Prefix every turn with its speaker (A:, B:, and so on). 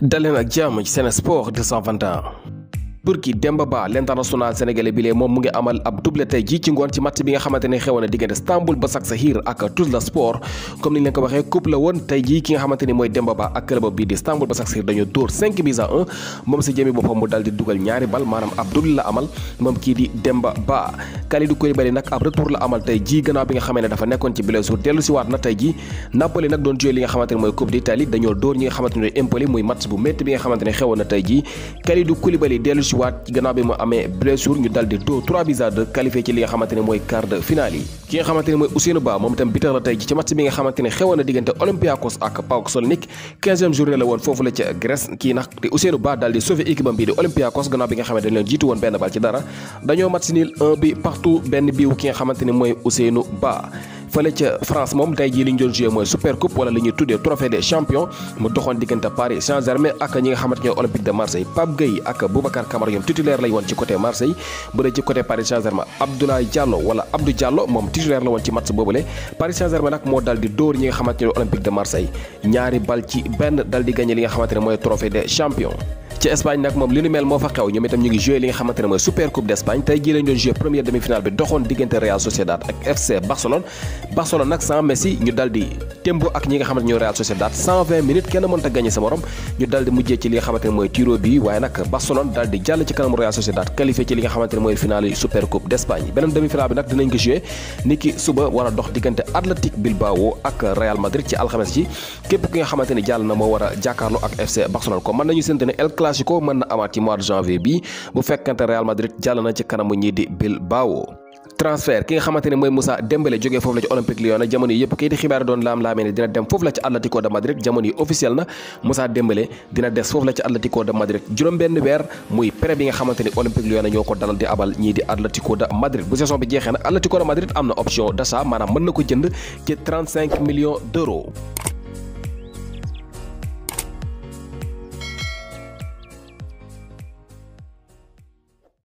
A: Dalena ak jàmm ci Sen Sport 221 pour ki Demba Ba l'international sénégalais bi moom mu ngi amal ab doublé tey ji ci ngoon ci match bi nga xamante xewoon na diggante Istanbul Basaksehir ak Tuzlaspor ci dellusiwaat gannaaw bi mu amee blessure ñu dal di dóor 3 buts ci li nga xamante mooy quart de finale yi ki nga xamante mooy Ousseynou Ba moom itam bitar la tey ci match bi nga xamante xewoon na diggante Olympiakos ak PAOK Salonique 15e journée la woon foofu la ca Grèce kii nag di Ousseynou Ba daal di sauver bii di Olympiakos gannaaw bi nga xamante ne leen jiitu woon benn bal ci dara dañoo match nil bi partout benn biiw ki nga fële ca France moom tey jii li ñu doon joué mooy super coupe wala li ñuy tuddee trophée des champions mu doxoon diggante Paris Saint-Germain ak ñi nga xamante ñooy Olympique de Marseille Pape Gueye ak Boubacar Kamara ñoom lay woon ci côté Marseille bu dee ci côté Paris Saint-Germain Abdoulaye Diallo wala Abdou Diallo moom titulaire la woon ci match boobule Paris Saint-Germain nag moo dal di dóor ñi nga xamante ñooy Olympique de Marseille ñaari bal ci benn dal nga xamante ne mooy trophée des ci Espagne nag moom li nu mel moo fa xew ñoom itam ñu ngi joué li nga xamante mooy super coupe d' tey jii doon joué première demi finale bi doxoon diggante Real Sociedad ak FC Barcelone Barcelone nag sans Messi ñu dal di ak ñi nga xamante ñooy Real Sociedad minutes kenn mënta gagné sa morom ñu dal mujjee ci li nga xamante mooy tiro bi waaye nag Barcelone dal jàll ci kanam Real Sociedad qualifié ci li nga xamante mooy finale a dox diggante Athletic classico mën na amaat ci mois de janvier bi bu fekkante Real Madrid jàll na ci kanamu ñii di Bilbao. transfert ki nga xamante mooy Moussa Dembélé jógee foofu la ci Olympique Lyon jamono yi yëpp kayit xibaar doon laam-laamee ne dina dem foofu la ci Atlético de Madrid jamono yi na Moussa Dembélé dina des foofu la ci Atlético de Madrid juróom-benn weer muy prêt bi nga xamante ne Olympique Lyon ñoo ko dalal di abal ñii di Atlético de